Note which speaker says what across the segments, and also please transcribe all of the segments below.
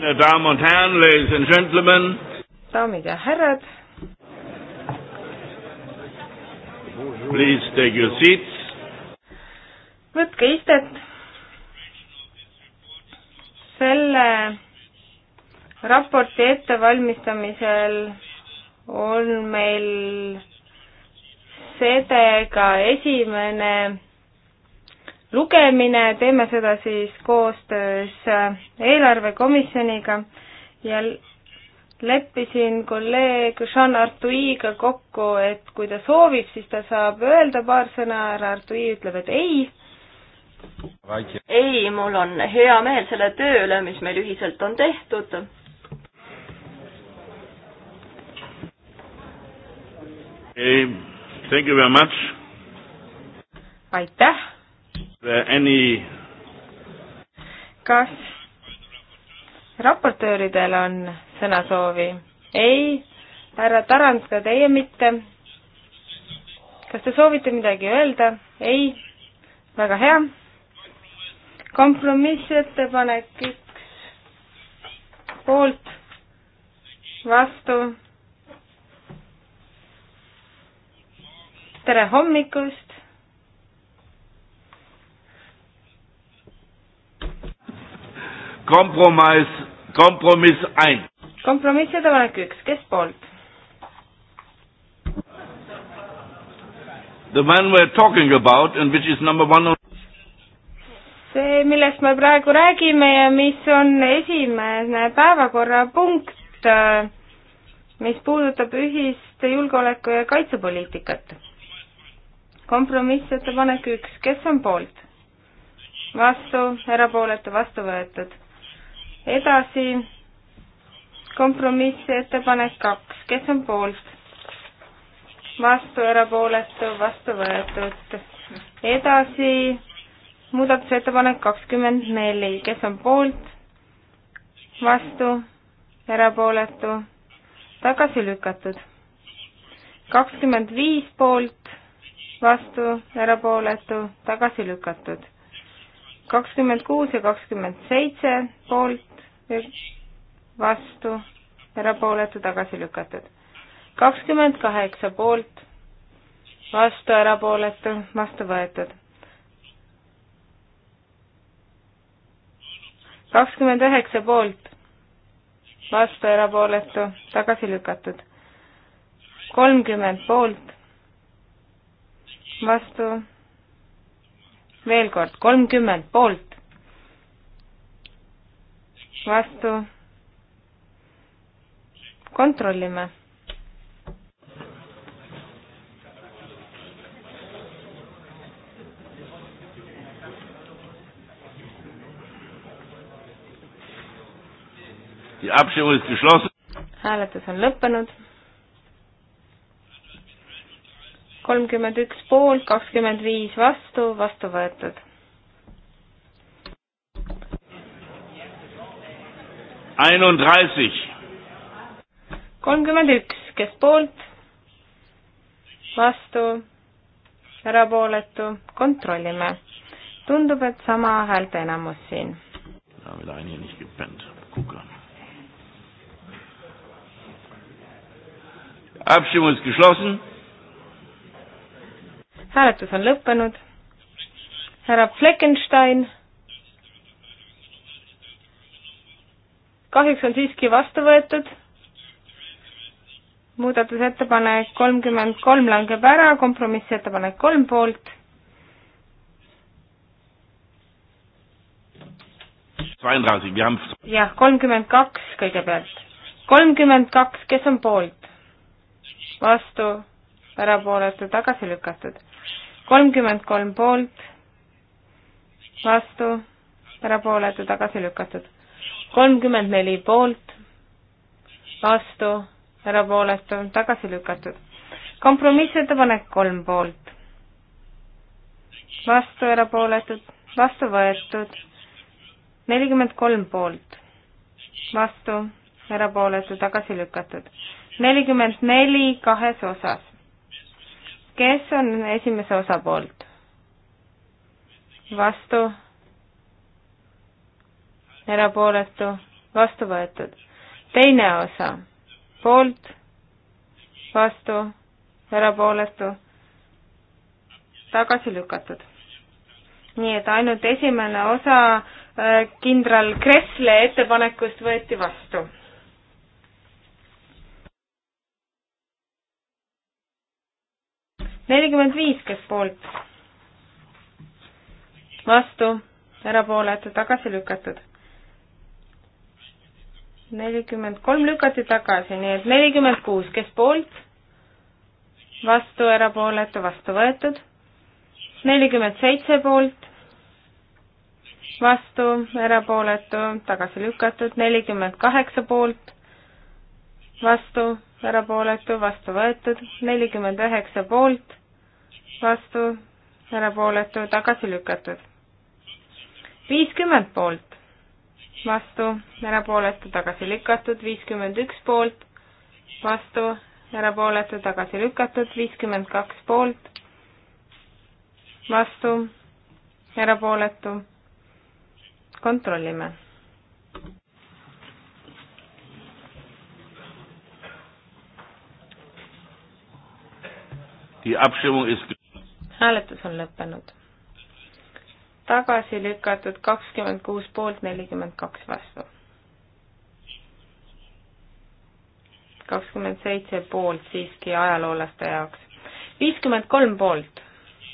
Speaker 1: Meine Damen und Herren, Ladies and Gentlemen.
Speaker 2: Daamid ja härrad.
Speaker 1: Please take your seats.
Speaker 2: võtke istet. selle raporti ettevalmistamisel on meil sedega esimene lugemine, teeme seda siis koostöös eelarvekomisjoniga ja leppisin kolleeg Jean Artuiga kokku, et kui ta soovib, siis ta saab öelda paar sõna, härra Artui ütleb, et ei. ei, mul on hea meel selle töö üle, mis meil ühiselt on tehtud
Speaker 1: ei Thank you very much. aitäh. Any?
Speaker 2: kas raportööridel on sõnasoovi? ei, härra Tarand, ka teie mitte. kas te soovite midagi öelda? ei, väga hea. kompromissettepanek üks, poolt, vastu tere hommikust!
Speaker 1: kompromiss, kompromiss ein.
Speaker 2: kompromissettepanek üks, kes poolt?
Speaker 1: The man we are talking about and which is number one on
Speaker 2: see, millest me praegu räägime ja mis on esimene päevakorrapunkt, mis puudutab ühist julgeoleku- ja kaitsepoliitikat kompromissettepanek üks, kes on poolt? vastu, erapooletu, vastu võetud. edasi kompromissettepanek kaks, kes on poolt? vastu, erapooletu, vastu võetud. edasi muudatusettepanek kakskümmend neli, kes on poolt? vastu, erapooletu, tagasi lükatud. kakskümmend viis poolt vastu, erapooletu, tagasi lükatud. kakskümmend kuus ja kakskümmend seitse poolt, vastu, erapooletu, tagasi lükatud. kakskümmend kaheksa poolt, vastu, erapooletu, vastu võetud. kakskümmend üheksa poolt, vastu, erapooletu, tagasi lükatud. kolmkümmend poolt, vastu, veel kord, kolmkümmend poolt, vastu, kontrollime. hääletus on lõppenud kolmkümmend üks poolt, kakskümmend viis vastu, vastu võetud. kolmkümmend üks, kes poolt, vastu, erapooletu, kontrollime. tundub, et sama häälte enamus siin.
Speaker 1: Abstimmung ist geschlossen
Speaker 2: hääletus on lõppenud. härra Fleckenstein. kahjuks on siiski vastu võetud. muudatusettepanek kolmkümmend kolm langeb ära, kompromissettepanek kolm poolt. jah, kolmkümmend kaks kõigepealt. kolmkümmend kaks, kes on poolt? vastu, erapooletu, tagasi lükatud kolmkümmend kolm poolt, vastu, erapooletu, tagasi lükatud. kolmkümmend neli poolt, vastu, erapooletu, tagasi lükatud. kompromissettepanek kolm poolt, vastu, erapooletud, vastu võetud, nelikümmend kolm poolt, vastu, erapooletu, tagasi lükatud. nelikümmend neli kahes osas kes on esimese osa poolt? vastu? erapooletu? vastu võetud. teine osa? poolt? vastu? erapooletu? tagasi lükatud. nii et ainult esimene osa äh, kindral Kressle ettepanekust võeti vastu nelikümmend viis, kes poolt? vastu, erapooletu, tagasi lükatud. nelikümmend kolm lükati tagasi, nii et nelikümmend kuus, kes poolt? vastu, erapooletu, vastu võetud. nelikümmend seitse poolt, vastu, erapooletu, tagasi lükatud, nelikümmend kaheksa poolt, vastu, erapooletu, vastu võetud, nelikümmend üheksa poolt, vastu, erapooletu, tagasi lükatud. viiskümmend poolt, vastu, erapooletu, tagasi lükatud, viiskümmend üks poolt, vastu, erapooletu, tagasi lükatud, viiskümmend kaks poolt, vastu, erapooletu. kontrollime
Speaker 1: Die Abstimmung ist
Speaker 2: hääletus on lõppenud. tagasi lükatud kakskümmend kuus poolt, nelikümmend kaks vastu. kakskümmend seitse poolt siiski ajaloolaste jaoks. viiskümmend kolm poolt,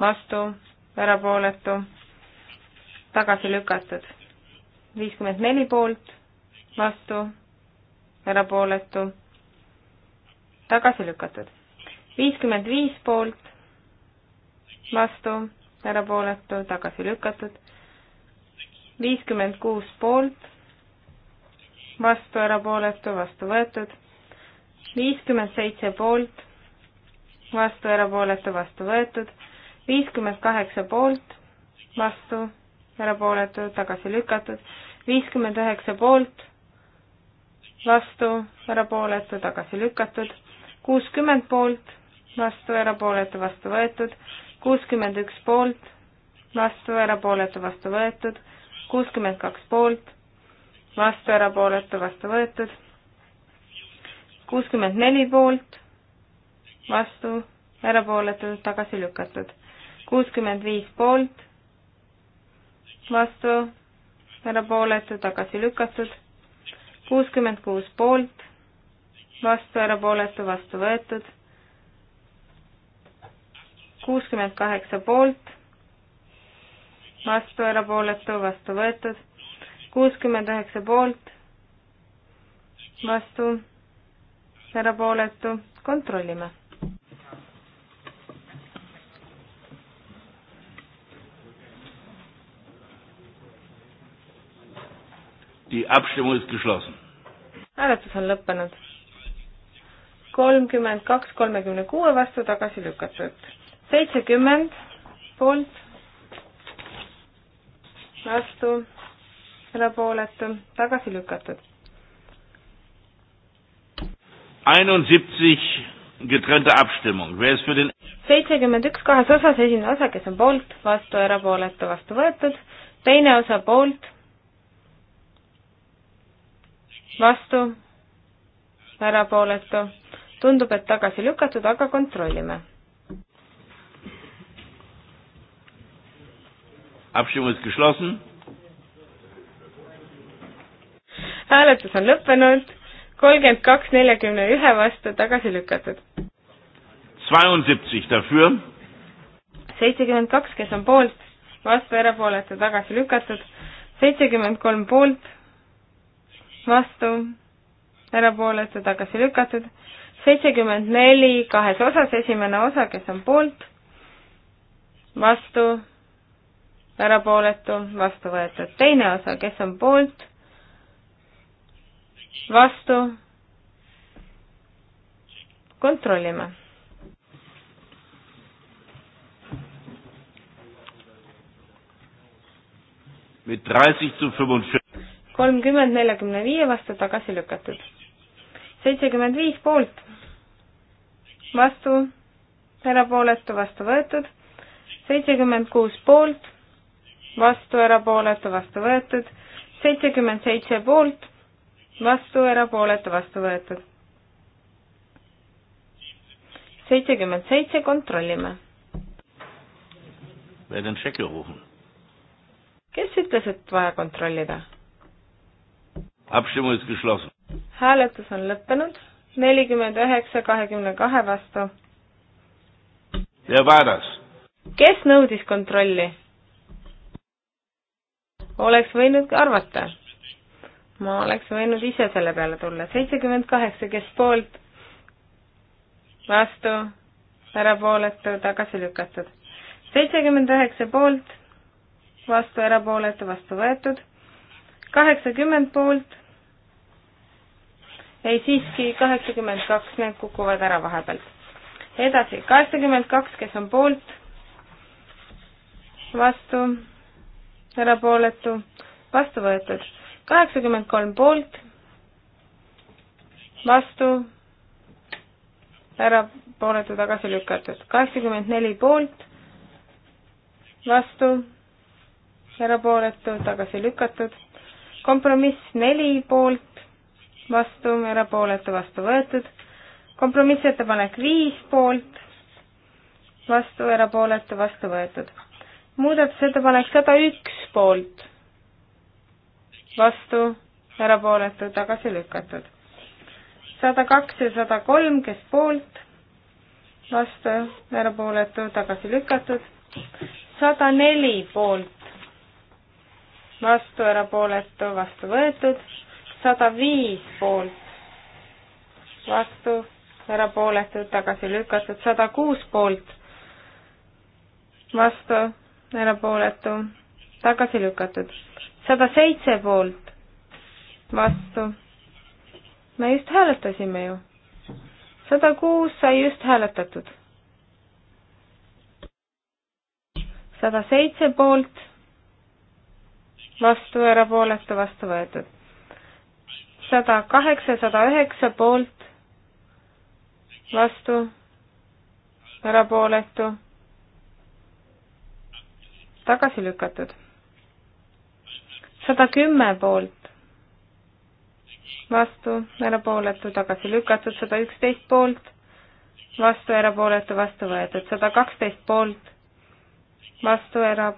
Speaker 2: vastu, erapooletu, tagasi lükatud. viiskümmend neli poolt, vastu, erapooletu, tagasi lükatud. viiskümmend viis poolt, vastu, erapooletu, tagasi lükatud. viiskümmend kuus poolt, vastu, erapooletu, vastu võetud. viiskümmend seitse poolt, vastu, erapooletu, vastu võetud. viiskümmend kaheksa poolt, vastu, erapooletu, tagasi lükatud. viiskümmend üheksa poolt, vastu, erapooletu, tagasi lükatud. kuuskümmend poolt, vastu, erapooletu, vastu võetud kuuskümmend üks poolt, vastu, erapooletu, vastu võetud, kuuskümmend kaks poolt, vastu, erapooletu, vastu võetud, kuuskümmend neli poolt, vastu, erapooletu, tagasi lükatud, kuuskümmend viis poolt, vastu, erapooletu, tagasi lükatud, kuuskümmend kuus poolt, vastu, erapooletu, vastu võetud kuuskümmend kaheksa poolt, vastu erapooletu, vastu võetud, kuuskümmend üheksa poolt, vastu erapooletu, kontrollime.
Speaker 1: Die Abstimmung ist geschlossen.
Speaker 2: hääletus on lõppenud. kolmkümmend kaks kolmekümne kuue vastu tagasi lükatud seitsekümmend poolt, vastu, erapooletu, tagasi lükatud. seitsekümmend üks kahes osas, esimene osa, kes on poolt, vastu, erapooletu, vastu võetud, teine osa poolt, vastu, erapooletu, tundub, et tagasi lükatud, aga kontrollime
Speaker 1: Abstimmung ist geschlossen.
Speaker 2: hääletus on lõppenud, kolmkümmend kaks neljakümne ühe vastu tagasi lükatud. seitsekümmend kaks, kes on poolt, vastu erapooletu tagasi lükatud, seitsekümmend kolm poolt, vastu erapooletu tagasi lükatud, seitsekümmend neli kahes osas, esimene osa, kes on poolt, vastu erapooletu, vastu võetud. teine osa, kes on poolt, vastu, kontrollime. kolmkümmend neljakümne viie vastu tagasi lükatud. seitsekümmend viis poolt, vastu, erapooletu, vastu võetud, seitsekümmend kuus poolt vastu, erapooletu, vastu võetud, seitsekümmend seitse poolt, vastu, erapooletu, vastu võetud. seitsekümmend seitse, kontrollime. kes ütles, et vaja kontrollida? hääletus on lõppenud, nelikümmend üheksa, kahekümne kahe vastu. kes nõudis kontrolli? oleks võinud arvata. ma oleks võinud ise selle peale tulla. seitsekümmend kaheksa, kes poolt, vastu, erapooletu, tagasi lükatud. seitsekümmend üheksa poolt, vastu, erapooletu, vastu võetud. kaheksakümmend poolt, ei siiski, kaheksakümmend kaks, need kukuvad ära vahepealt. edasi, kaheksakümmend kaks, kes on poolt, vastu erapooletu, vastu võetud. kaheksakümmend kolm poolt, vastu, erapooletu tagasi lükatud. kaheksakümmend neli poolt, vastu, erapooletu tagasi lükatud. kompromiss neli poolt, vastu, erapooletu vastu võetud. kompromissettepanek viis poolt, vastu, erapooletu vastu võetud muudatusettepanek sada üks poolt, vastu, erapooletu, tagasi lükatud. sada kaks ja sada kolm, kes poolt, vastu, erapooletu, tagasi lükatud. sada neli poolt, vastu, erapooletu, vastu võetud. sada viis poolt, vastu, erapooletu, tagasi lükatud. sada kuus poolt, vastu, erapooletu, tagasi lükatud. sada seitse poolt, vastu. me just hääletasime ju. sada kuus sai just hääletatud. sada seitse poolt, vastu, erapooletu, vastu võetud. sada kaheksa, sada üheksa poolt, vastu, erapooletu tagasi lükatud. sada kümme poolt, vastu, erapooletu, tagasi lükatud, sada üksteist poolt, vastu, erapooletu, vastu võetud, sada kaksteist poolt, vastu, era-,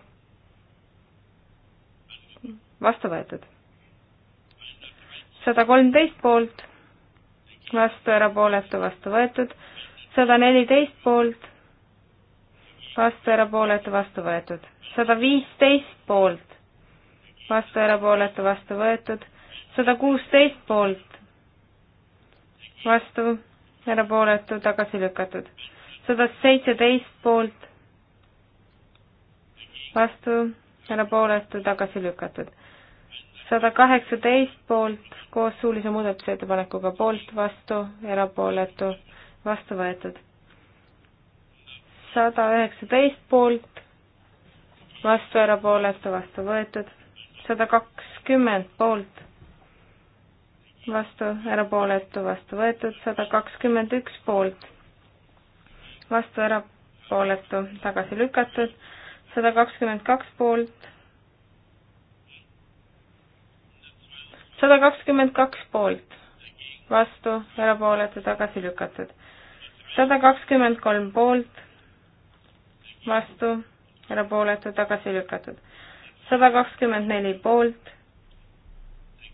Speaker 2: vastu võetud. sada kolmteist poolt, vastu, erapooletu, vastu võetud, sada neliteist poolt, vastu, erapooletu, vastu võetud. sada viisteist poolt, vastu, erapooletu, vastu võetud. sada kuusteist poolt, vastu, erapooletu, tagasi lükatud. sada seitseteist poolt, vastu, erapooletu, tagasi lükatud. sada kaheksateist poolt koos suulise muudatusettepanekuga poolt, vastu, erapooletu, vastu võetud sada üheksateist poolt, vastu erapooletu, vastu võetud, sada kakskümmend poolt, vastu erapooletu, vastu võetud, sada kakskümmend üks poolt, vastu erapooletu, tagasi lükatud, sada kakskümmend kaks poolt, sada kakskümmend kaks poolt, vastu erapooletu, tagasi lükatud, sada kakskümmend kolm poolt vastu, erapooletu, tagasi lükatud. sada kakskümmend neli poolt,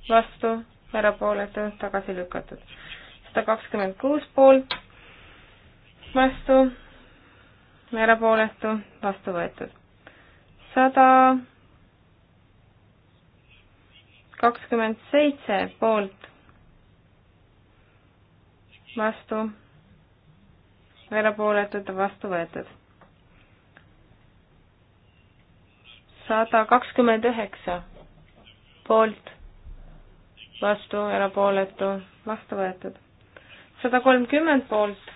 Speaker 2: vastu, erapooletu, tagasi lükatud. sada kakskümmend kuus poolt, vastu, erapooletu, vastu võetud. sada kakskümmend seitse poolt, vastu, erapooletud, vastu võetud sada kakskümmend üheksa poolt, vastu, erapooletu, vastu võetud. sada kolmkümmend poolt,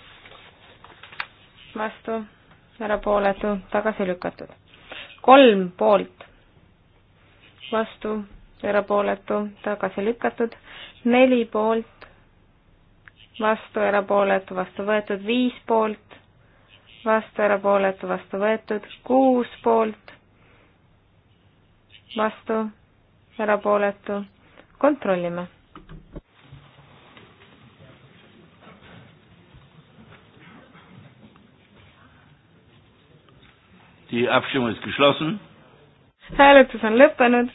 Speaker 2: vastu, erapooletu, tagasi lükatud. kolm poolt, vastu, erapooletu, tagasi lükatud. neli poolt, vastu, erapooletu, vastu võetud. viis poolt, vastu, erapooletu, vastu võetud. kuus poolt vastu, erapooletu, kontrollime. hääletus on lõppenud.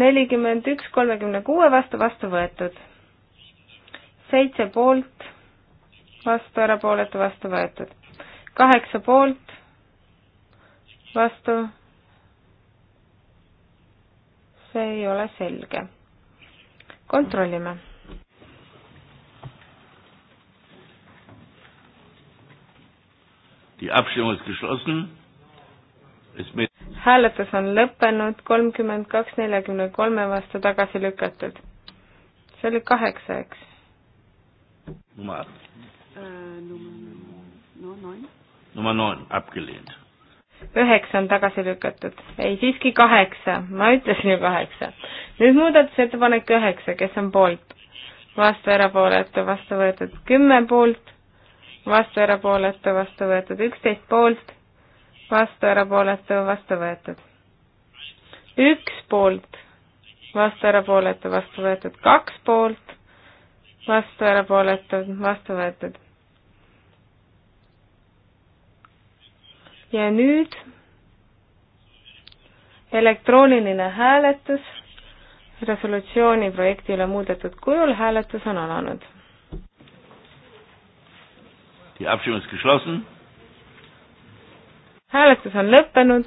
Speaker 2: nelikümmend üks kolmekümne kuue vastu, vastu võetud. seitse poolt, vastu, erapooletu, vastu võetud. kaheksa poolt, vastu see ei ole selge. kontrollime. hääletus on lõppenud, kolmkümmend kaks neljakümne kolme vastu tagasi lükatud. see oli kaheksa, eks?
Speaker 1: number. Äh,
Speaker 2: number neun.
Speaker 1: Nummer neun abgelehnt
Speaker 2: üheksa on tagasi lükatud. ei, siiski kaheksa, ma ütlesin ju kaheksa. nüüd muudatusettepanek üheksa, kes on poolt? vastu, erapooletu, vastu võetud kümme poolt, vastu, erapooletu, vastu võetud üksteist poolt, vastu, erapooletu, vastu võetud. üks poolt, vastu, erapooletu, vastu võetud kaks poolt, vastu, erapooletu, vastu võetud ja nüüd elektrooniline hääletus resolutsiooni projekti üle muudetud kujul, hääletus on alanud. hääletus on lõppenud,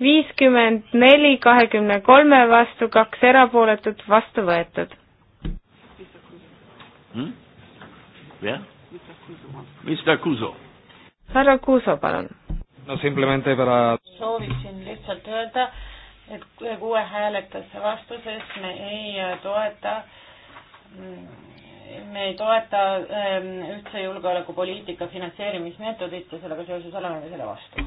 Speaker 2: viiskümmend neli kahekümne kolme vastu, kaks erapooletut, vastu võetud hmm?. jah yeah., Mr Kuuso. härra Kuuso, palun no simplemente para. sooviksin lihtsalt öelda, et kuue hääletuse vastuses me ei toeta, mm, me ei toeta ähm, ühtse julgeolekupoliitika finantseerimismeetodit ja sellega seoses oleme me selle vastu.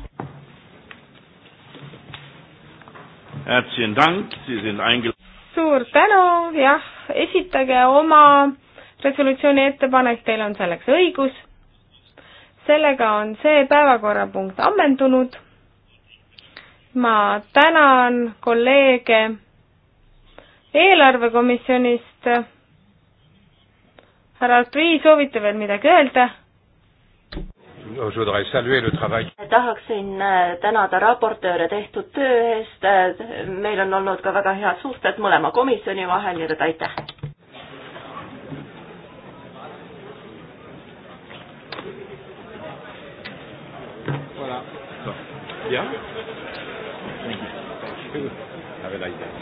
Speaker 2: suur tänu, jah, esitage oma resolutsiooni ettepanek, teil on selleks õigus sellega on see päevakorrapunkt ammendunud. ma tänan kolleege eelarvekomisjonist. härra Artrii, soovite veel midagi öelda? tahaksin äh, tänada raportööre tehtud töö eest. Äh, meil on olnud ka väga head suhted mõlema komisjoni vahel, nii et aitäh.
Speaker 1: Voilà. So. Yeah? Thank you. Thank you. Have a nice day.